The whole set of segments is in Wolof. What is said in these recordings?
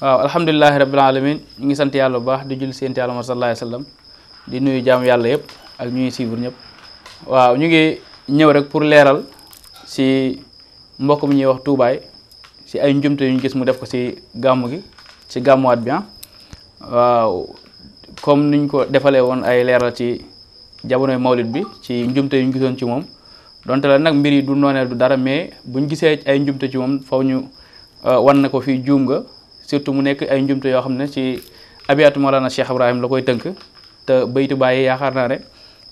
waaw alhamdulilahi rabbil alamin ñu ngi sant yàlla bu baax di jul seenti yàlla ma sallallahu alayhi di nuyu jaamu yàlla yëpp ak ñuy suivre ñëpp waaw ñu ngi ñëw rek pour leeral si mbokk mi ñuy wax tuubaay si ay njumte yu ñu gis mu def ko si gàmmu gi si gàmmuwaat bi ah. waaw comme ko defalee woon ay leeral ci jamonoy mawlid bi ci njumte yu gisoon ci moom donte la nag mbir yi du noonee du dara mais bu ñu gisee ay njumte ci moom faw ñu euh, wan na ko fii juum nga surtout mu nekk ay njumte yoo xam ne ci abiyaatu na Cheikh Ibrahim la koy tënk te baytu bàyyi yaakaar naa ne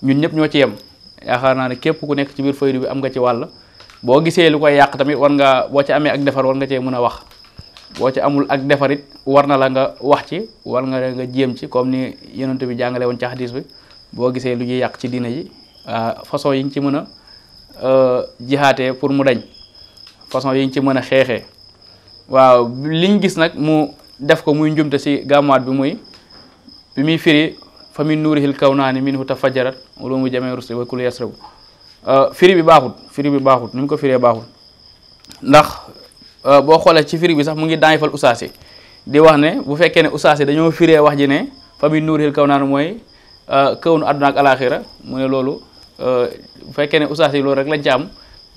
ñun ñëpp ñoo ci yem yaakaar naa ne képp ku nekk ci biir faydu bi am nga ci wàll boo gisee lu koy yàq tamit war nga boo ci amee ak defar war nga cee mën a wax boo ci amul ak defarit war na la nga wax ci war nga nga jéem ci comme ni yonent bi jàngale woon ci hadis bi boo gisee lu ñuy yàq ci diina ji ah, façon yi nga ci mën a euh, jihaatee pour mu dañ façon yi nga ci mën a xeexee waaw liñ gis nag mu def ko muy njumte si gàmmuwaat bi muy bi muy firi fa min nuurihil kawnaani minhu tafajarat ulumu jamee rusli wa kullu yasrabu euh, firi bi baaxut firi bi baaxut ni mu ko firee baaxut ndax euh, boo xoolee ci firi bi sax mu ngi daay fal usaas di wax ne bu fekkee ne usaas yi dañoo firee wax ji ne fa min nuurihil kawnaani mooy euh, kawnu àdduna ak alaaxira mu ne loolu bu fekkee ne usaas loolu rek lañ ci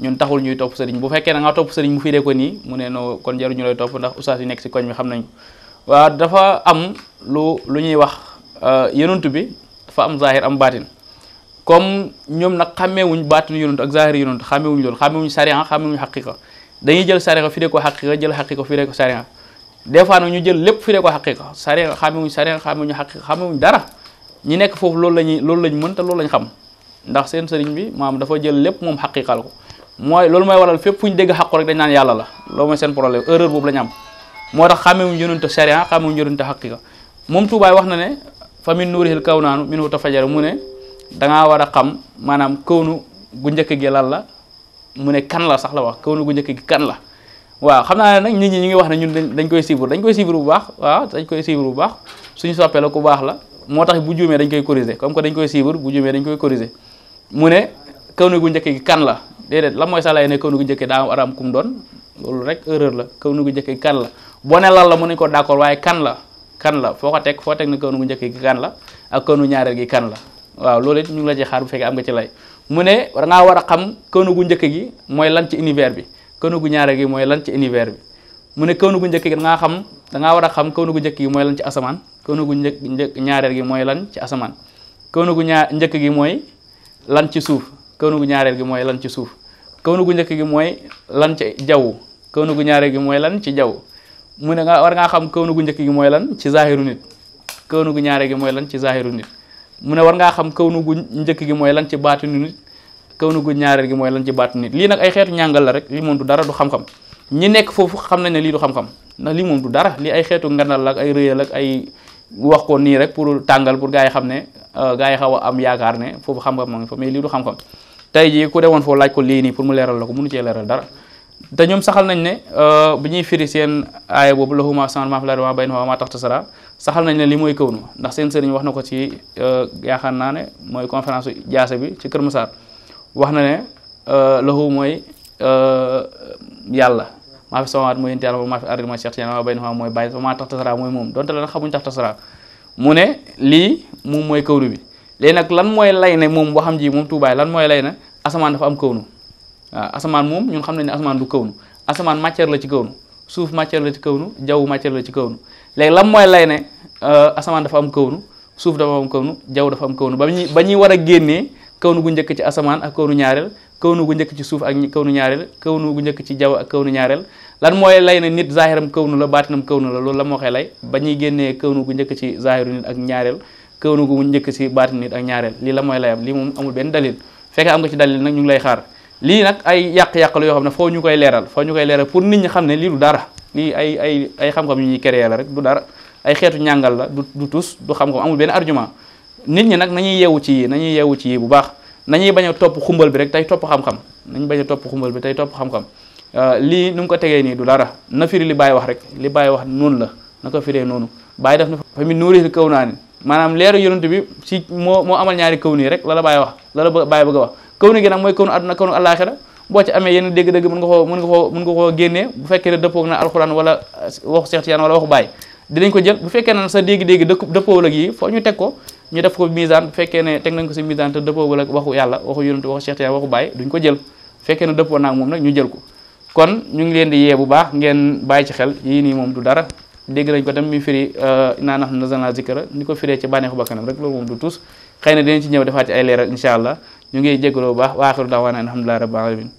ñun taxul ñuy topp sëriñ bu fekkee na nga topp sëriñ mu firee ko nii mu ne no kon jaru ñu lay topp ndax ustaas yi nekk si koñ bi xam nañ waa dafa am lu lu ñuy wax euh, yonent bi dafa am zahir am baatin comme ñoom nag xàmmeewuñ baatin yonent ak zahir yonent xàmmeewuñ loolu xàmmeewuñ sariya xàmmeewuñ xaqiqa dañuy jël sariya firee ko xaqiqa jël xaqiqa firee ko sariya des fois nag ñu jël lépp firee ko xaqiqa sariya xàmmeewuñ sariya xàmmeewuñ xaqiqa xàmmeewuñ dara ñu nekk foofu loolu lañuy loolu lañ mën te loolu lañ xam ndax seen sëriñ bi maam dafa jël lépp moom xaqiqal ko mooy loolu mooy waral fépp fu ñu dégg xaqu rek dañ naan yàlla la loolu mooy seen problème erreur boobu la ñu am moo tax xàmmewuñ yonente sharia xàmmewuñ yonente xaqiqa moom tuubaay wax na ne fa min nuurihil kaw naanu minhu tafajjara mu ne dangaa war a xam maanaam kawnu gu njëkk gi lan la mu ne kan la sax la wax kawnu gu njëkk gi kan la waaw xam naa ne nag nit ñi ñu ngi wax ne ñun dañ koy suivre dañ koy suivre bu baax waaw dañ koy suivre bu baax suñu soppee la ku baax la moo tax bu juumee dañ koy corriger comme que dañ koy suivre bu juumee dañ koy corriger mu ne kawnu gu njëkk gi kan la dedet la moy salay ne kawnu aram kum don lolou rek erreur la ko nugu jëkke kan la boné lal la muniko d'accord waye kan la kan la foko tek fo tek ne ko nugu kan la ak nu ñaareel gi kan la waaw lolé ñu la ci xaar bu fekk am nga ci lay mu war nga wara xam ko nugu njëkk gi moy lan ci univers bi ko nugu ñaareel gi moy lan ci univers bi mu ko nugu xam da nga wara xam ko nugu gi moy lan ci gi moy lan ci asaman ko nugu ñaa gi moy lan ci suuf ko nugu gi moy lan ci suuf kawnu gu njëkk gi mooy lan ci jaww kawnu gu ñaare gi mooy lan ci jaww mu ne nga war ngaa xam kawnu gu njëkk gi mooy lan ci zahiru nit kawnu gu ñaare gi mooy lan ci zahiru mu ne war ngaa xam kawnu gu njëkk gi mooy lan ci baatinu nit kawnu gu ñaareel gi mooy lan ci baatu nit lii nag ay xeetu ñàngal la rek li moom du dara xam-xam ñi nekk foofu xam nañ ne lii du lii moom du dara lii ay xeetu nganal ak ay rëyal ak ay wax ko nii rek pour tàngal pour gaa yi xam ne euh, gaa yi xaw a am yaakaar ne foofu xam-xam moo ngi fa mais lii du xam-xam tey jii ku demoon foofu laaj ko lii nii pour mu leeral la ko mënu cee leeral dara te ñoom saxal nañ ne euh, bi ñuy firi seen aaya boobu lahuma saman maa fi l ardi wa baynahuma maa taxta sara saxal nañ ne li mooy kaw nu ndax seen sëriñ wax na ko ci euh, yaakaar naa ne mooy conférence jaase bi ci Kër mu Massar wax na ne euh, lahu mooy yàlla maa fi samawaat mooy yénti yàlla maa fi ardi mooy Cheikh Tidiane wa baynahuma mooy bàyyi maa taxta sara mooy moom donte la nag xamuñ taxta sara mu ne lii moom mooy kawnu bi léegi nag lan mooy lay ne moom waxam ji moom tuubaay lan mooy lay ne asamaan dafa am kawnu waaw asamaan moom ñun xam nañ ne asamaan du kawnu asamaan matière la ci kawnu suuf matière la ci kawnu jaww matière la ci kawnu léegi lan mooy lay ne euh, asamaan dafa am kawnu suuf dafa am kawnu jaww dafa am ba ñuy ba ñuy war a génnee kawnu gu njëkk ci asamaan ak kawnu ñaareel kawnu gu njëkk ci suuf ak kawnu ñaareel kawnu gu njëkk ci jaww ak kawnu ñaareel lan mooy lay ne nit zaahiram nu la baatinam nu la loolu la moo xee lay ba ñuy génnee kawnu gu njëkk ci zaahiru nit ak ñaareel këwnu gu mu njëkk si baati nit ak ñaareel lii la mooy layam lii moom amul benn dalil fekkee am nga ci dalil nag ñu ngi lay xaar lii nag ay yàq-yàq la yoo xam ne foo ñu koy leeral foo ñu koy leeral pour nit ñi xam ne lii du dara lii ay ay ay xam yu ñuy créer la rek du dara ay xeetu ñàngal la du du tus du xam-xam amul benn argument nit ñi nag nañuy yeewu ci na ñuy yeewu ci yi bu baax nañuy bañ a topp xumbal bi rek tey topp xam-xam nañ bañ a topp xumbal bi tey topp xam-xam euh, lii nu mu ko tegee nii du dara na firi li bàyyi wax rek li bàyyi wax noonu la na ko firee noonu bàyyi def na fa mi nuuril kaw naa ni maanaam leeru yonent bi si moo moo amal ñaari kaw nii rek lala bàyyi wax lala bàyyi bëgg a wax kaw ni gi nag mooy kaw nu àdduna kaw nu àllaaxira boo ci amee yenn dégg-dégg mën nga koo mën nga koo mën nga koo génnee bu fekkee ne dëppoog na alxuraan wala waxu Seex Tijaan wala waxu Baay dinañ ko jël bu fekkee ne sa dégg-dégg dëkk dëppoo ak yi foo ñu teg ko ñu def ko misaan bu fekkee ne teg nañ ko si misaan te dëppoo ak waxu yàlla waxu yonent waxu Seex Tijaan waxu Baay duñ ko jël bu fekkee ne dëppoo naag moom nag ñu jël ko kon ñu ngi leen di yee bu baax ngeen bàyyi ci xel yii nii moom du dara dégg nañ ko tam mi firi euh, naa nax na zanaa zikra ni ko firee ci bànneexu bakkanam rek loolu moom du tus xëy na dinañ ci ñëw defaat ci ay leeral incha allah ñu ngi jégalu bu baax waaxiru daawaana alhamdulilah rabbil alamin